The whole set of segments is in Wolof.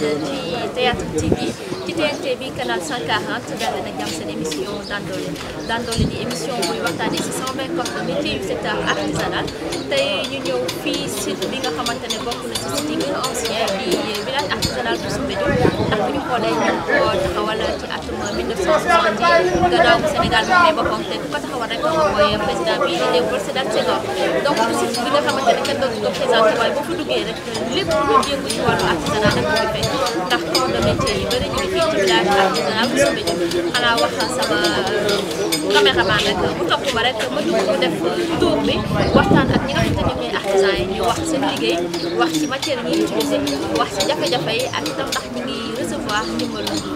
ci Théâtre TV ci TNT bi canal 140 daal na jàmm seen émission Dandoole Dandoole di émission buy waxtaanee ci 120 corps de métier yu secteur artisanal tey ñu ñëw fii site bi nga xamante ne bokk na ci site yi gën a ancien bi village artisanal bu Soumbédioune ndax bu ñu xoolee ñu ko taxawal def sa gannaaw Sénégal moom lay boppam te ku ko taxawal rek mooy président bi di Léopold Sédar Senghor donc surtout bi nga xamante ne kenn dootu ko présenté waaye boo fa duggee rek lépp lu yëngu ci wàllu artisanat nag mu ngi fekk ndax corps de métier yi bëri ñu ngi fii ci village artisanal bu soobee ñu xanaa wax sama caméraman rek mu topp ma rek ma dugg mu def tour bi waxtaan ak ñi nga xamante ne ñooy artisan yi ñu wax seen liggéey wax ci matière yi ñuy utiliser wax ci jafe-jafe yi ak itam ndax ñu ngi recevoir ndimbalu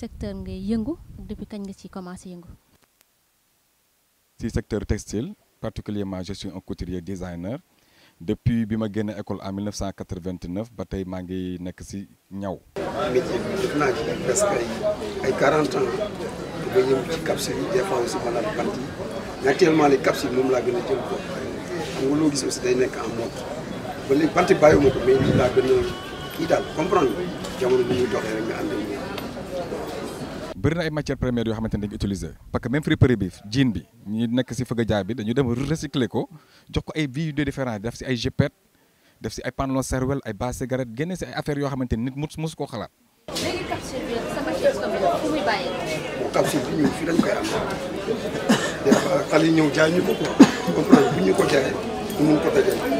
secteur ngay yëngu depuis kañ nga ci commencé yëngu ci secteur textile particulièrement je suis un couturier designer depuis bima ma école en 1989 ba tey maa ngi nekk ci ñaw métier bi def ci presque ay 40 ans dama yëngu ci capsule des fois aussi ma laal bant actuellement les capsules moom la gën a jël ko xam nga loo gis aussi day nek en mode ba léegi bant bàyyiwuma ko mais lii laa gën a comprendre jamono bi muy doxee rek nga ànd bëri na ay matières premières yoo xamante ne dañu utiliser parce que même friperie bi jean bi ñi nekk si fëgg jaay bi dañu dem recycler ko jox ko ay vies de def si ay jepet def si ay pantalon cervelle ay base cigarette génne si ay affaire yoo xamante nit mus mus koo xalaat. léegi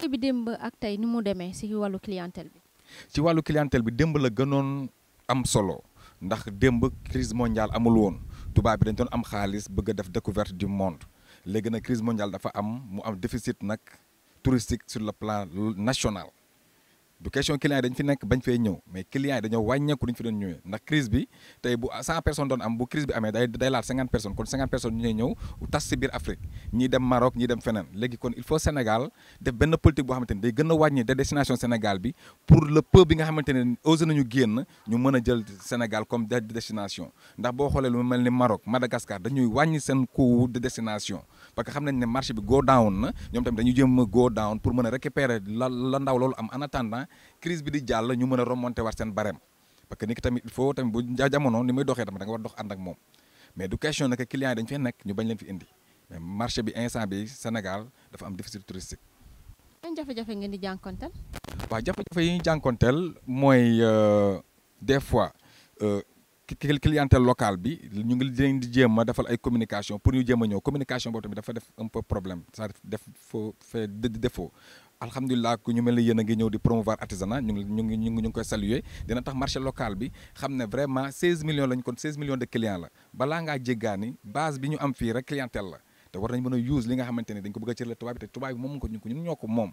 da démb ak tey ni mu demee si wàllu clientèle ci wàllu clientèle bi démb la gënoon am solo ndax démb crise mondiale amul woon tubaab bi dañ doon am xaalis bëgg a def découverte du monde léegi nag crise mondiale dafa am mu am déficit nag touristique sur le plan national. du question client yi dañ fi nek bañ fay ñew mais client dañu dañoo ku ñu fi doon ñëwee ndax crise bi tay bu 100 personnes doon am bu crise bi amé day day laal 50 personnes kon 50 personnes ñu ñëw tas biir Afrique ñi dem Maroc ñi dem fenen léegi kon il faut Sénégal def ben politique bo xamanteni ne day gëna a wàññi de destination Sénégal bi pour le peuple bi nga xamanteni ne osé nañu génn ñu mëna jël Sénégal comme destination ndax bo xolé lu melni Maroc Madagascar dañuy wàññi sen coût de destination parce que xam nañ ne marché bi go down na ñoom tamit dañu jëm go down pour mën a récupérer la la ndaw loolu am en attendant crise bi di jàll ñu mën a remonter war seen barème parce que ni ki tamit il tamit bu jamono ni muy doxee tamit da nga war dox ànd ak moom mais du question nag client yi dañu fee nekk ñu bañ leen fi indi mais marché bi instant bi Sénégal dafa am déficit touristique. yan jafe-jafe ngeen di jànkonteel. waaw jafe-jafe yi ñuy mooy euh, des fois. Euh, clientèle locale bi ñu ngi leen di jéem a defal ay communication pour ñu jéem a ñëw communication boobu tamit dafa def un peu problème ça def foo fait défaut alhamdulilah ku ñu mel ni yéen a ngi ñëw di promouvoir artisanat ñu ngi ñu ngi ñu ngi koy saluer dina tax marché local bi xam ne vraiment 16 millions lañ kon 16 millions de clients la balaa ngaa jéggaani base bi ñu am fii rek clientèle la te war nañ mën a use li nga xamante ne dañ ko bëgg a cër la tubaab bi te tubaab bi moom ko ñun ñoo ko moom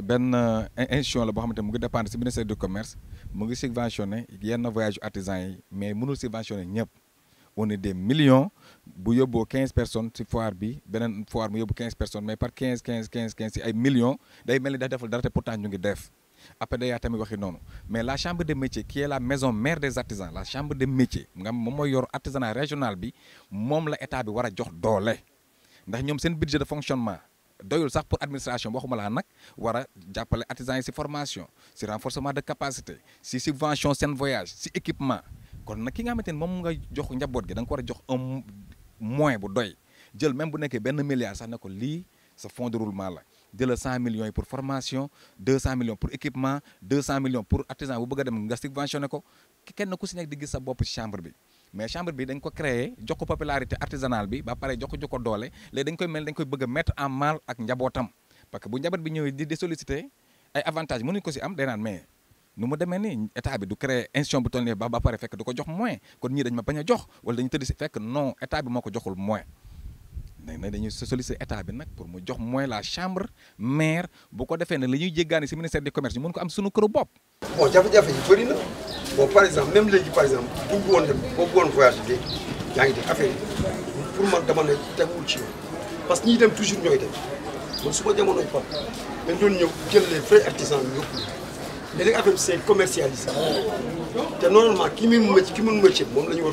ben institution la bo xamante mu ngi dépendre ci ministère du commerce mu ngi subventionné yenn voyage artisan yi mais mënul subventionné ñëpp on est des millions bu yóbboo 15 personnes ci foire bi beneen foire mu yóbbu 15 personnes mais par 15 15 15 15 si ay millions day mel ni da defal dara te pourtant ñu ngi def après day yaa tamit waxi noonu mais la chambre des métiers qui est la maison mère des artisans la chambre des métiers nga moom mooy yor artisanat régional bi moom la état bi war a jox doole ndax ñoom seen budget de fonctionnement doyul sax pour administration waxuma la nak wara a jàppale artisans yi si formation ci renforcement de capacité ci subvention sen voyage ci équipement kon nak ki nga xamante mom nga jox njaboot gi da nga ko war a jox un moyen bu doy jël même bu nekkee ben milliard sax ne ko lii sa fonds de roulement la jëlal 100 millions pour formation 200 millions pour équipement 200 millions pour artisan bu bëgg dem nga subventionné ko kenn ku ci nek di gis sa bopp ci chambre bi mais chambre bi dañ ko créer jox ko popularité artisanale bi ba pare jox ko jox doole léegi dañ koy mel dañ koy bëgg mettre en mal ak njabootam parce que bu njabot bi ñëwee di di solliciter ay avantages mënuñ ko si am day naan mais nu mu demee nii état bi du créer institution bu toll nii ba ba pare fekk du ko jox moins kon ñii dañ ma bañ a jox wala dañu tëdd si fekk non état bi moo ko joxul moins dañ na dañuy solliciter état bi nag pour mu jox mooy la chambre maire bu ko defee ne la ñuy jéggaani si ministère du commerce ñu mën ko am suñu këru bopp bon jafe-jafe yi bëri na par exemple même léegi par exemple bugg woon dem boo bëggoon voyage bi yaa ngi def affaire yi pour man dama ne tegul ci yoon parce que ñiy dem toujours ñooy dem man su ma jamonoy pam dañ doon ñëw jël les vrais artisans ñu yóbbu mais léegi affaire bi c'est commercialisé te normalement ki mun ki mun métier moom la ñu war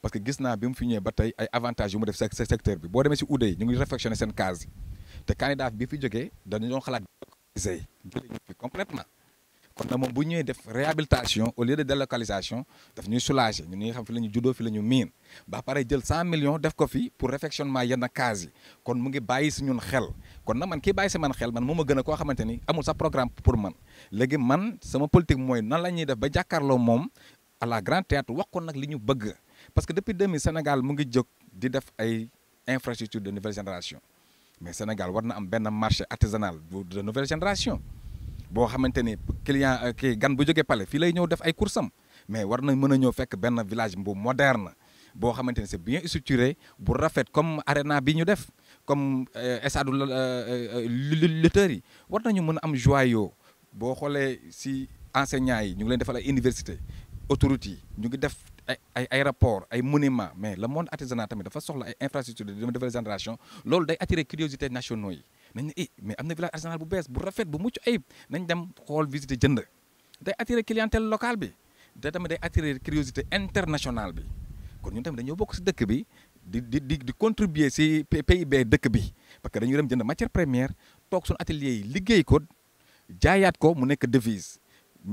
parce que gis naa bi mu fi ñëwee ba tey ay avantages yu mu def secteur bi boo demee si Oudé ñu ngi réfectionné seen case yi te candidat bi fi jógee dañu doon xalaat fi complètement kon nag moom bu ñëwee def réhabilitation au lieu de délocalisation daf ñuy soulager ñu ñi xam fi la ñu juddoo fi la ñu miin ba pare jël 100 millions def ko fi pour réfectionnement yenn case yi kon mu ngi bàyyi si ñun xel kon nag man kii bàyyi si man xel man moo ma gën a koo xamante ni amul sa programme pour man léegi man sama politique mooy nan la ñuy def ba jàkkaarloo moom à la grand théâtre wax ko nag li ñu bëgg parce que depuis 2000 Sénégal a ngi des di de nouvelle génération mais Sénégal war na am marché artisanal de nouvelle génération boo que les client euh, kii gan bu jógee Palais fii lay ñëw def ay mais war na mën a ñëw fekk un village moderne bo xamante c'est bien structuré bu rafet comme arena bi comme estadu euh, euh, de yi war nañu mën a am joyau boo si enseignants yi ñu ngi leen defal université autorités ñu ngi ay ay aéroport ay monument mais le monde artisanal tamit dafa soxla ay infrastructure de nouvelle génération loolu day attirer curiosité nationaux yi i eh, mais am na village artisanal bu bees bu rafet bu mucc ayib nañ dem xool visiter jënd day attirer clientèle locale bi da tamit day attirer curiosité internationale bi kon ñun tamit dañoo bokk si dëkk bi di di di di contribuer si PIB dëkk bi parce que dañuy dem jënd matière première toog suñu atelier yi liggéey ko jaayaat ko mu nekk devise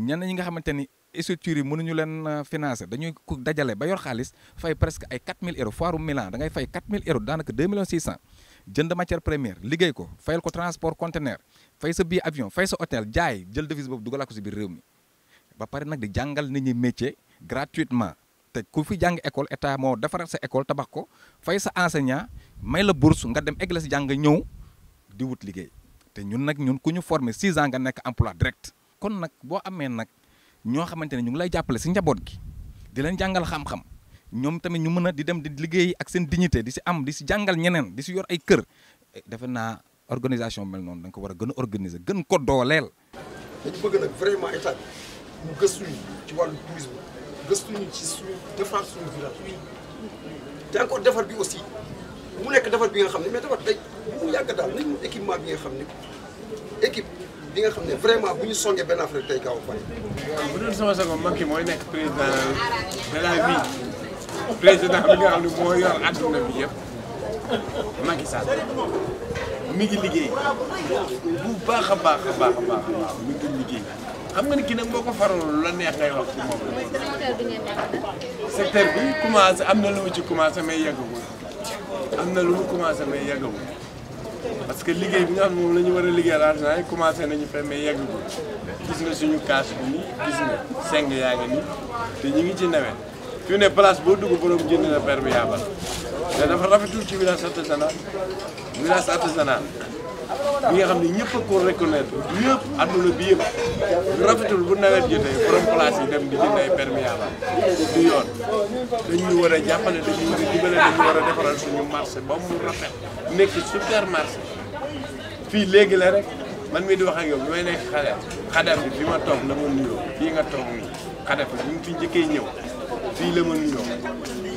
ñenn ñi nga xamante ni structure yi mënuñu leen euh, financer dañuy ku dajale ba yor xaalis fay presque ay 4000 euros foiru Milan da ngay fay 4000 euros danaka 2 millions 600 jënd matière première liggéey ko fayal ko transport conteneur fay sa billet avion fay sa hôtel jaay jël devise bobu dugalaa ko ci biir réew mi ba paré nak di jangal nit ñi métier gratuitement té ku fi jang école état mo defaral sa école tabax ko fay sa enseignant may la bourse nga dem église jang ñew di wut liggéey té ñun nak ñun ku ñu former 6 ans nga nek emploi direct kon nak bo amé nak ñoo xamante ne ñu ngi lay jàppale si njaboot gi di leen jàngal xam-xam ñoom tamit ñu mën a di dem di liggéey ak seen dignité di si am di si jàngal ñeneen di si yor ay kër eh, defe naa organisation mel noonu da ko war a gën a organiser gën ko dooleel. dañu bëgg nag vraiment bi mu gëstuñu ci wàllu defar suñu village bi te encore defar bi aussi mu nekk defar bi nga xam ne mais defar day bu mu yàgg daal nañu bi nga xam ne li nga bu ñu songee benn affaire tey gaaw a pare. waaw bu doon sama sago mooy nekk président de la président bi nga xam ne moo yor adduna bi yëpp Macky Sall mi ngi liggéey bu baax a baax a baax a baax mi ngi liggéey xam nga ni kii boo ko faraloon la neex ngay wax moom secteur bi commencé am na lu mu ci commencé may yàggagul am na lu mu commencé may yàggagul. parce que liggéey bi nga xam ne moom la ñu war a liggéeyal argent yi commencé nañu fa mais yeggul gis nga suñu kaas bi nii gis nga seng yaa ngi nii te ñu ngi ci nawet fi ne place boo dugg borom jënd na permis yaabal te dafa rafetul ci village artisanal village artisanal bi nga xam ne ñëpp a ko reconnaître ñëpp àdduna bi yëpp rafetul bu nawet jotee borom place dem ay permis yàlla du yoon dañ ñu war a jàppale dañu war a jubale dañu war a defaral suñu marché ba mu rafet nekk supermarché fii léegi la rek man mi di wax ak yow bi may nekk xale xadam bi ma toog la ma nuyoo fii nga toog nii xadam bi mu fi njëkkee ñëw fii la ma nuyoo